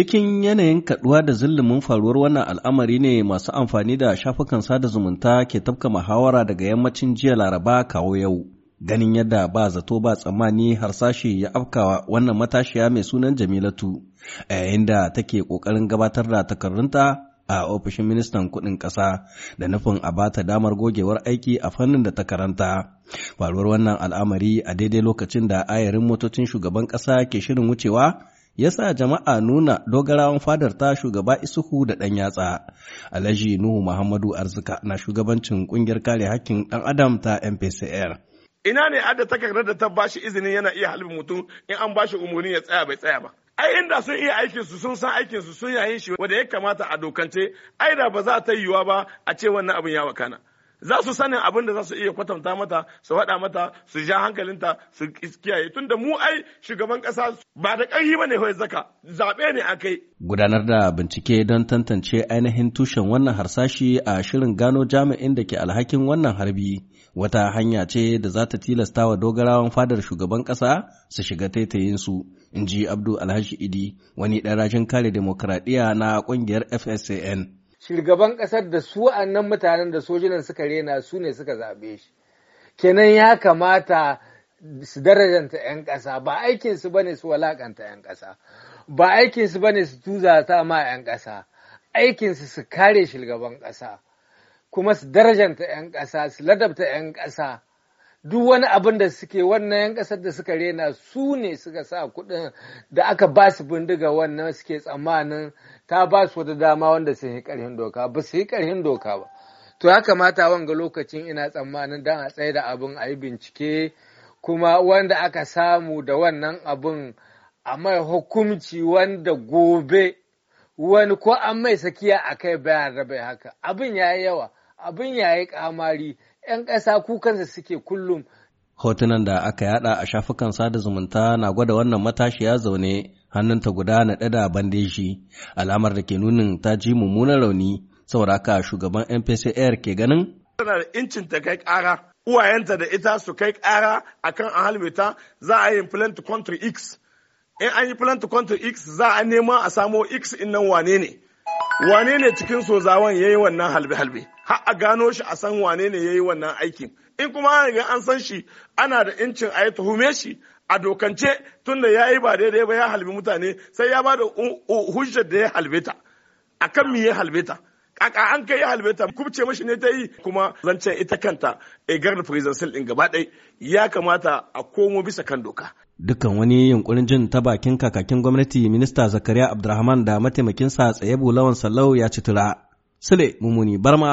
Cikin yanayin kaduwa da zillumin faruwar wannan al'amari ne masu amfani da shafukan sada zumunta ke tafka muhawara daga yammacin jiya laraba kawo yau. Ganin yadda ba zato ba tsammani harsashi ya afkawa wannan matashiya mai sunan Jamilatu, a yayin da take kokarin gabatar da takardunta a ofishin ministan kudin kasa da nufin a bata damar gogewar aiki a fannin da ta karanta. Faruwar wannan al'amari a daidai lokacin da ayarin motocin shugaban kasa ke shirin wucewa ya sa jama'a nuna dogarawan fadar ta shugaba isuhu da ɗan yatsa. Alhaji Nuhu Muhammadu Arzika na shugabancin ƙungiyar kare hakkin ɗan adam ta MPCR. Ina ne adda takardar da ta bashi izinin yana iya halbin mutum in an bashi umarni ya tsaya bai tsaya ba. ai inda sun iya aikin su sun san aikin su sun yayin shi wanda ya kamata a dokance ai da ba za ta yiwuwa ba a ce wannan abin ya wakana za su sanin abin da za su iya kwatanta mata su faɗa mata su ja hankalinta su kiyaye tunda mu ai shugaban ƙasa ba da ƙarfi ba ne kawai zaka zaɓe ne a kai. Gudanar da bincike don tantance ainihin tushen wannan harsashi a shirin gano jami'in da ke alhakin wannan harbi wata hanya ce da za ta tilasta wa dogarawan fadar shugaban ƙasa su shiga taitayinsu. In ji Abdul Alhaji Idi, wani ɗan rajin kare demokradiyya na ƙungiyar FSAN. shugaban ƙasar da su annan mutanen da sojinan suka rena su ne suka zaɓe shi kenan ya kamata su darajanta 'yan ƙasa ba aikinsu ba ne su walakanta 'yan ƙasa ba aikinsu ba ne su tuzata ma 'yan ƙasa aikinsu su kare shugaban ƙasa kuma su darajanta 'yan ƙasa su ladabta 'yan ƙasa duk wani abin da suke wannan yan ƙasar da suka rena su ne suka sa kuɗin da aka ba su bindiga wannan suke tsammanin ta ba su wata dama wanda sun yi ƙarfin doka ba su yi ƙarfin doka ba to ya kamata wanga lokacin ina tsammanin dan a tsaye da abin a yi bincike kuma wanda aka samu da wannan abin a mai hukumci wanda gobe wani ko an mai sakiya a kai bayan rabai haka abin ya yi yawa abin ya yi kamari 'yan ƙasa kukansa suke kullum. Hotunan da aka yada a shafukan sada zumunta na gwada wannan matashiya zaune hannunta guda na da bandeji alamar da ke nunin ta ji mummunan rauni saboda haka shugaban NPCR ke ganin. Tana da incin ta kai ƙara uwayenta da ita su kai ƙara akan an halmeta za a yi plan to country X. In an yi plan to country X za a nema a samo X in nan wane ne. Wane ne cikin sozawan ya yi wannan halbe-halbe. har a gano shi a san wane ne ya yi wannan aikin in kuma an an san shi ana da incin a yi tuhume shi a dokance tunda ya yi ba daidai ba ya halbi mutane sai ya ba da hujjar da ya halbe ta kan me ya halbe ta kaka an kai ya halbe ta kubce mashi ne ta yi kuma zancen ita kanta a garin prison cell din gaba ɗai ya kamata a komo bisa kan doka dukkan wani yunkurin jin ta bakin kakakin gwamnati minista zakariya abdurrahman da mataimakinsa tsaye bulawan sallau ya ci tura sule mumuni barma